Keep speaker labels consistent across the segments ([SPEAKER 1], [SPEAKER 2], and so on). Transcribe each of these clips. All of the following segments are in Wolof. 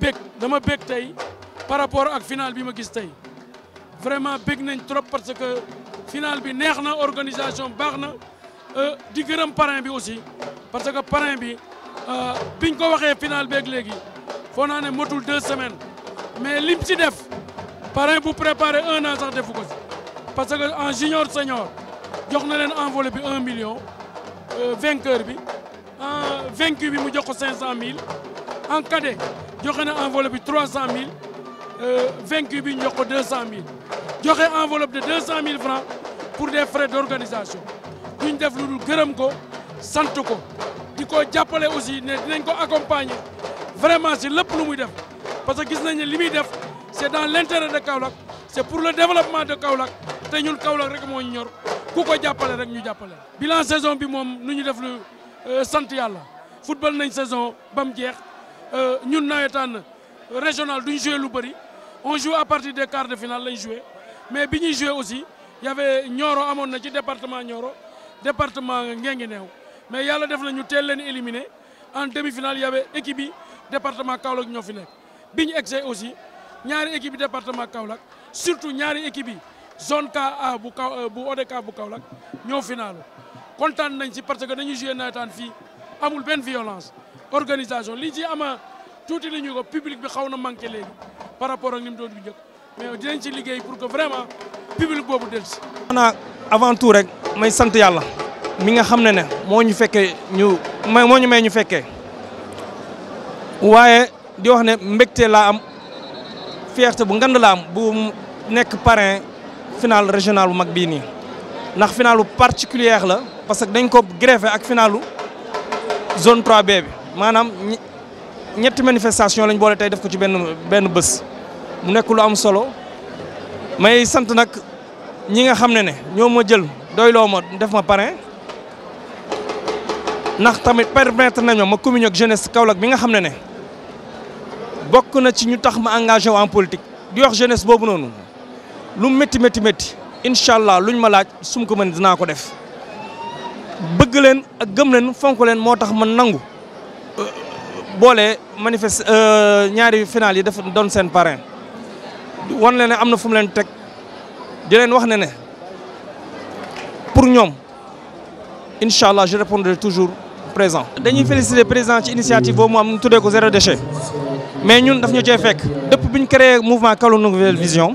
[SPEAKER 1] bég dama bég tey par rapport ak final bi ma gis tey vraiment bég nañ trop parce que final bi neex na organisation baax na euh, di gërëm parrain bi aussi parce que parrain bi euh, biñ ko waxee final beeg léegi foo naa ne motul deux semaines mais lim ci def parrain bu préparé un an sax defu ko si parce que en junior senior jox na leen envolé bi 1 million euh, vainqueur bi vaincu bi mu jox ko cinq cent en cadet, nous avons de 300 000, 20 vaincu, 200 000. Nous avons de 200 000 francs pour des frais d'organisation. Nous nous développé Nous devons nous aussi, nous avons accompagné vraiment Nous le plus de Parce que nous nous limité, c'est dans l'intérêt de Kaulak, c'est pour le développement de Kaulak. nous avons fait le Kaulak. devons nous avons fait le Bilan saison, nous avons fait le Football, une saison, euh, ñun nawetaan régional duñ jouer lu on joue à partir des quarts de finale lañ jouer. mais bi joue aussi, il y avait Nioro amoon département Nioro département Nguinguinéo mais il def a ñu teel leen éliminé en demi-finale il y avait équipe département Kaolack ñoo fi nekk bi aussi ñaari équipe département Kaolack surtout ñaari équipe yi zone KA a euh, Ka bu ODK bu Kaolack ñoo finaalu kontaan nañ ci parce que dañuy joué nawetaan fii amul Ben violence organisation li ci ama tuuti li ñu ko public bi xaw na manqué léegi par rapport ak ni mu doon bu njëkk mais dinañ ci liggéey pour que vraiment public boobu del si
[SPEAKER 2] xanaa avant tout rek may sant yàlla mi nga xam ne ne moo ñu fekkee ñu moo ñu may ñu fekkee waaye di wax ne mbégte la am fierté bu ngand laa am bu nekk parrain final régional bu mag bii nii ndax finalu particulière la parce que dañ ko greffé ak finalu zone 3B bi maanaam ñetti manifestation lañ boole tey def ko ci benn benn bés mu nekk am solo may sant nag ñi nga xam ne ne ñoo ma jël doyloo ma def ma parrain ndax tamit permettre nañu ma communion ak jeunesse Kaolack bi nga xam ne ne bokk na ci ñu tax ma engagé wu en politique di wax jeunesse boobu noonu lu métti métti métti incha allah luñ ma laaj su ma ko mën dinaa ko def bëgg leen ak gëm leen fonk leen moo tax ma nangu. bolé manifeste euh, ñaari final yi def don sen parrain won léne amna am léne fu di léne wax pour ñom inshallah je répondrai toujours présent. dañuy féliciter président ci initiative bo mu am des ko zéro déchet mais ñun daf ñu ci fekk depuis nous avons créé mouvement Kalou Nouvelle Vision.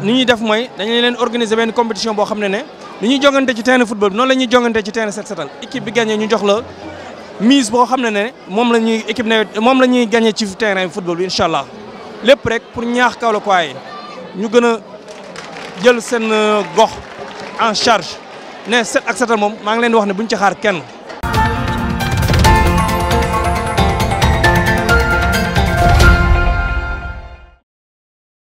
[SPEAKER 2] ni ñuy def mooy dañu leen organiser benn compétition boo xam ne ne ni ñuy jongante ci terrain football bi noonu la ñuy jongante ci terrain set setal équipe bi gagné ñu jox la mise boo xam ne ne moom la ñuy équipe nawet moom la ñuy gagné ci terrain football bi incha allah lépp rek pour ñaax Kaolack waaye ñu gën a jël seen gox en charge ne set ak setal moom maa ngi leen wax ne buñ ci xaar kenn.